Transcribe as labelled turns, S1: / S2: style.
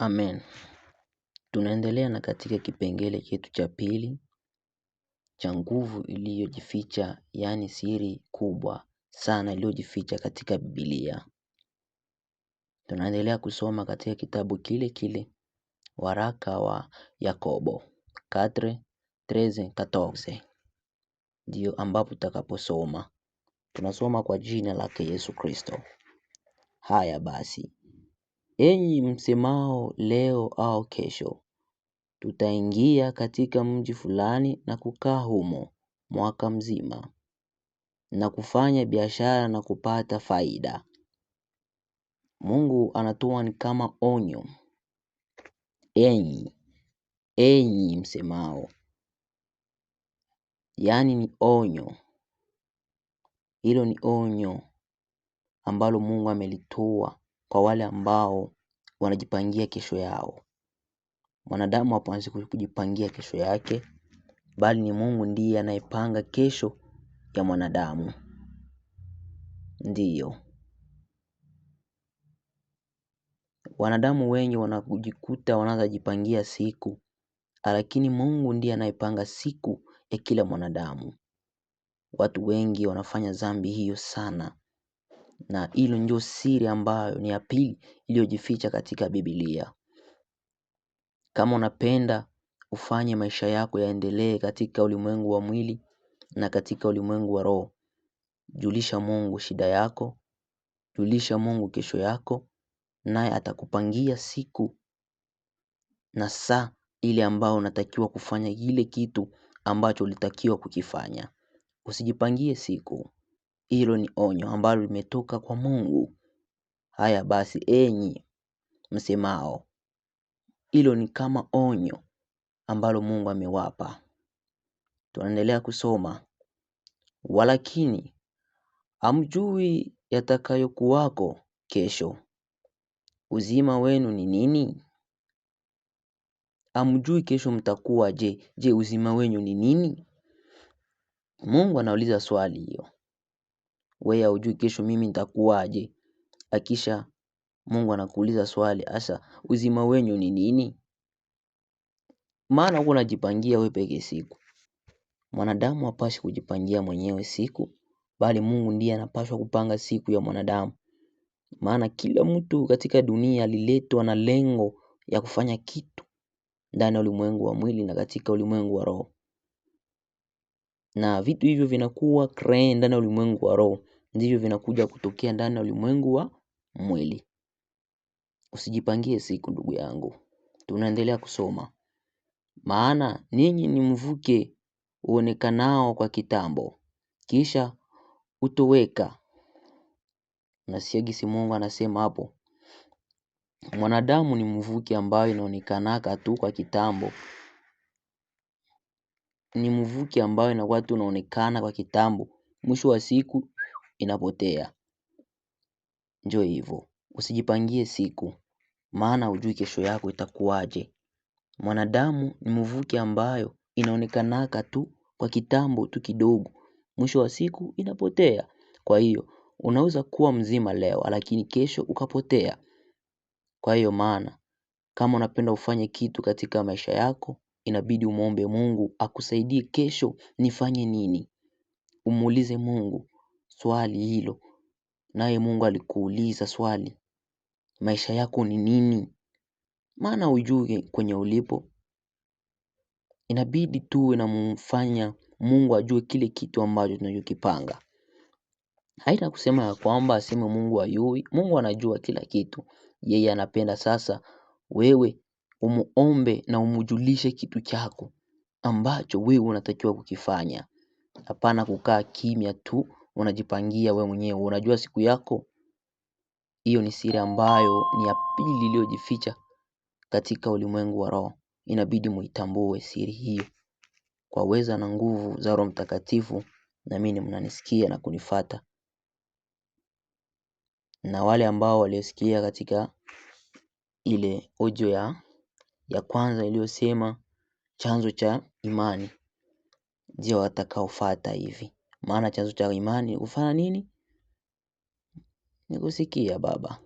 S1: Amen. Tunaendelea na katika kipengele chetu cha pili cha nguvu iliyojificha yaani siri kubwa sana iliyojificha katika Biblia. Tunaendelea kusoma katika kitabu kile kile waraka wa Yakobo 4:13-14 ndio ambapo tutakaposoma. Tunasoma kwa jina lake Yesu Kristo. Haya basi, Enyi msemao leo au kesho, tutaingia katika mji fulani na kukaa humo mwaka mzima na kufanya biashara na kupata faida. Mungu anatoa ni kama onyo. Enyi, enyi msemao, yaani ni onyo. Hilo ni onyo ambalo Mungu amelitoa kwa wale ambao wanajipangia kesho yao. Mwanadamu hapaanzi kujipangia kesho yake, bali ni Mungu ndiye anayepanga kesho ya mwanadamu. Ndiyo. Wanadamu wengi wanajikuta wanaanza jipangia siku, lakini Mungu ndiye anayepanga siku ya kila mwanadamu. Watu wengi wanafanya dhambi hiyo sana, na hilo ndio siri ambayo ni ya pili iliyojificha katika Biblia. Kama unapenda ufanye maisha yako yaendelee katika ulimwengu wa mwili na katika ulimwengu wa roho, julisha Mungu shida yako, julisha Mungu kesho yako, naye atakupangia siku na saa ile ambayo unatakiwa kufanya kile kitu ambacho ulitakiwa kukifanya. Usijipangie siku. Hilo ni onyo ambalo limetoka kwa Mungu. Haya basi, enyi msemao, hilo ni kama onyo ambalo Mungu amewapa. Tunaendelea kusoma, walakini hamjui yatakayokuwako kesho, uzima wenu ni nini? Hamjui kesho je? Je, uzima wenu ni nini? Mungu anauliza swali hiyo wewe haujui kesho mimi nitakuwaje akisha Mungu anakuuliza swali hasa uzima wenyu ni nini? Maana huwa unajipangia wewe pekee siku. Mwanadamu hapaswi kujipangia mwenyewe siku, bali Mungu ndiye anapaswa kupanga siku ya mwanadamu. Maana kila mtu katika dunia aliletwa na lengo ya kufanya kitu ndani ya ulimwengu wa mwili na katika ulimwengu wa roho. Na vitu hivyo vinakuwa ndani ya ulimwengu wa roho ndivyo vinakuja kutokea ndani ya ulimwengu wa mwili. Usijipangie siku ndugu yangu. Tunaendelea kusoma. Maana ninyi ni mvuke uonekanao kwa kitambo, kisha hutoweka. Na siagisi Mungu anasema hapo, mwanadamu ni mvuke ambayo inaonekanaka tu kwa kitambo, ni mvuke ambayo inakuwa tu unaonekana kwa kitambo, mwisho wa siku inapotea. Ndio hivo, usijipangie siku, maana hujui kesho yako itakuwaje. Mwanadamu ni mvuke ambayo inaonekanaka tu kwa kitambo tu kidogo, mwisho wa siku inapotea. Kwa hiyo, unaweza kuwa mzima leo, lakini kesho ukapotea. Kwa hiyo maana, kama unapenda ufanye kitu katika maisha yako, inabidi umwombe mungu, akusaidie kesho nifanye nini. Umuulize mungu, swali hilo. Naye mungu alikuuliza swali. Maisha yako ni nini? Maana ujue kwenye ulipo. Inabidi tuwe namfanya mungu ajue kile kitu ambacho tunachokipanga. Haina kusema ya kwamba aseme mungu ayui Mungu anajua kila kitu. Yeye anapenda sasa wewe umuombe na umujulishe kitu chako ambacho wewe unatakiwa kukifanya. Hapana kukaa kimya tu unajipangia we mwenyewe, unajua siku yako. Hiyo ni siri ambayo ni ya pili iliyojificha katika ulimwengu wa roho. Inabidi muitambue siri hiyo kwa weza na nguvu za Roho Mtakatifu, na naamini mnanisikia na kunifata, na wale ambao waliosikia katika ile ojo ya, ya kwanza iliyosema chanzo cha imani, ndio watakaofata hivi. Maana chanzo cha imani hufanya nini? Ni kusikia Baba.